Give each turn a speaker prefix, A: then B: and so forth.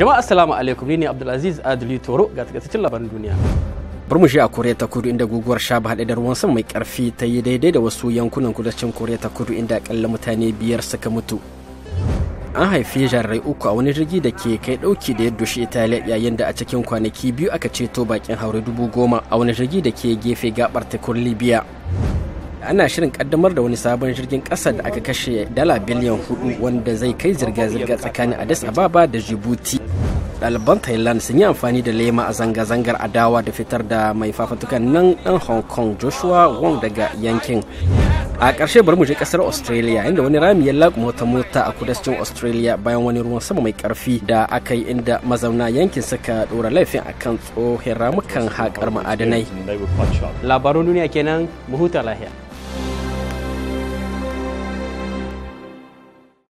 A: Jama'a assalamu alaikum ni ne Abdulaziz adli Toro ga takaitaccen labaran duniya.
B: Burmushi a Koriya ta Kudu inda guguwar Shaba haɗe da ruwan sama mai karfi ta yi daidai da wasu yankunan kudancin Koriya ta Kudu inda akalla mutane biyar suka mutu. An haifi jarirai uku a wani jirgi da ke kai dauki da ya shi Italiya yayin da a cikin kwanaki biyu aka ceto bakin haure dubu goma a wani jirgi da ke gefe gabar tekun Libya. ana shirin kaddamar da wani sabon jirgin kasa da aka kashe dala biliyan hudu wanda zai kai zirga-zirga tsakanin addis ababa da jibuti ɗaliban thailand sun yi amfani da lema a zanga-zangar adawa da fitar da mai fafatukan nan ɗan hong kong joshua wong daga yankin a ƙarshe bari mu je ƙasar australia inda wani rami ya laƙa wata mota a kudancin australia bayan wani ruwan sama mai ƙarfi da aka yi inda mazauna yankin suka ɗora laifin a kan tsohon ramukan haƙar ma'adanai
C: labarun duniya kenan mu huta lahiya